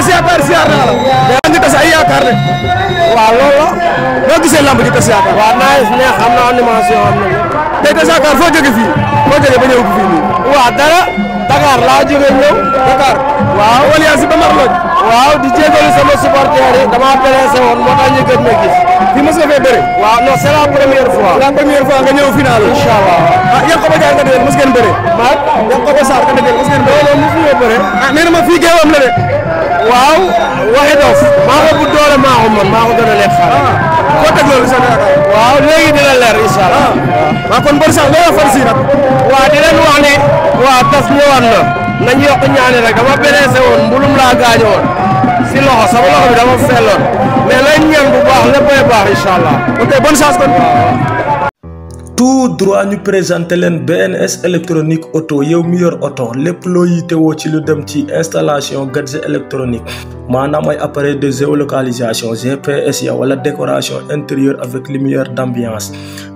tas yaakaar siyaar naa la. yaa ngi tas la. boo gisee lamb ji tas yaakaar. waaw naa yus neex am na animation am na lépp. tey tas yaakaar foo jógee fii foo jógee ba ñëw fii nii. waaw dara. Dakar laa jógee ñëw. Dakar waaw wala yaa ba mar looj. waaw di jégalu sama supporters yi dama blessé woon moo tax ñu gën ma gis. fii mos nga fee bëre. waaw non c'est la première fois. la première fois nga ñëw final. incha allah ah Yankoba Diagne nga déglu mos ngeen bëre. waaw Yankoba Sarr nga déglu mos ngeen loolu mos ngeen bëre. ah nee ma fii géewam la de. waaw waxe doof maa ko bu doole maa ko man maa ko gën a lekk xaar. Ah. koo teg loolu sax waaw léegi dina leer incha allah. Ah. kon bon sax loo wax fan si nag. waaw di leen wax tas ñëwaat na. nañ yokk ñaani rek dama blessé mbulum laa gaañoon. si loxo sama loxo bi dama felloon. mais nañ ñaan bu baax léppay baax incha allah. ok bonne kon. Ah. tout droit ñu présenté leen BNS électronique auto yow mi yor auto lépp loo yitewoo ci lu dem ci installation gadget électronique maanaam ay appareil de localisation GPS ya wala décoration intérieure avec lumière d'ambiance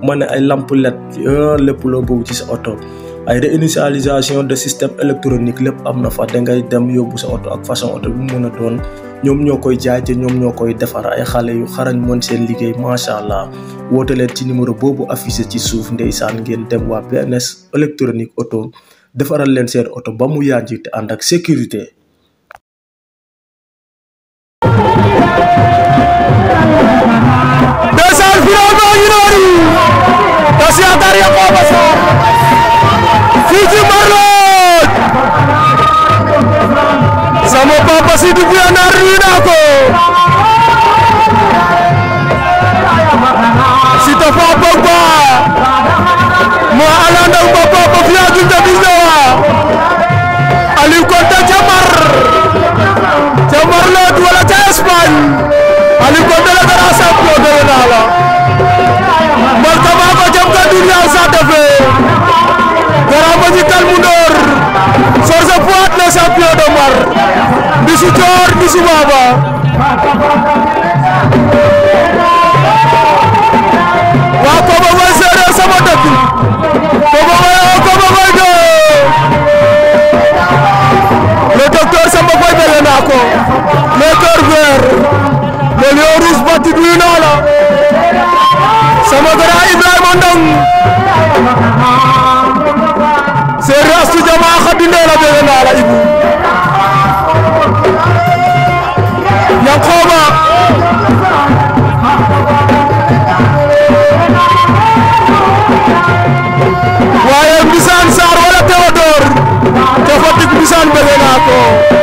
ma ne ay lampe LED lépp loo bëgg ci sa auto ay réinitialisation de système électronique lépp am na fa da ngay dem yóbbu sa auto ak façon auto bi mu mën a doon ñoom ñoo koy jaay te ñoom ñoo koy defar ay xale yu xarañ mën seen liggéey macha allah woote leen ci numéro boobu affiché ci suuf ndeysaan ngeen dem waa PNS électronique auto defaral leen seen oto ba mu yànji te ànd ak sécurité. Aliou Papa Mafia Diouf de Bisnawa Aliou Konte ca Mar ca Marlotte wala ca Espagne Aliou Konte la gën a sàmm naa la martaba ko jëm ka dunya sa defee garamba ji kalmu ndóor Sorgho Poit le champion de Mar bisu Dior bisu Baba. Ngom Seereer Astu Jamaa Xadi Ndey la bëgg naa waaye Mbisaan Saar wala Théodore te Fatick Mbisaan bëgg naa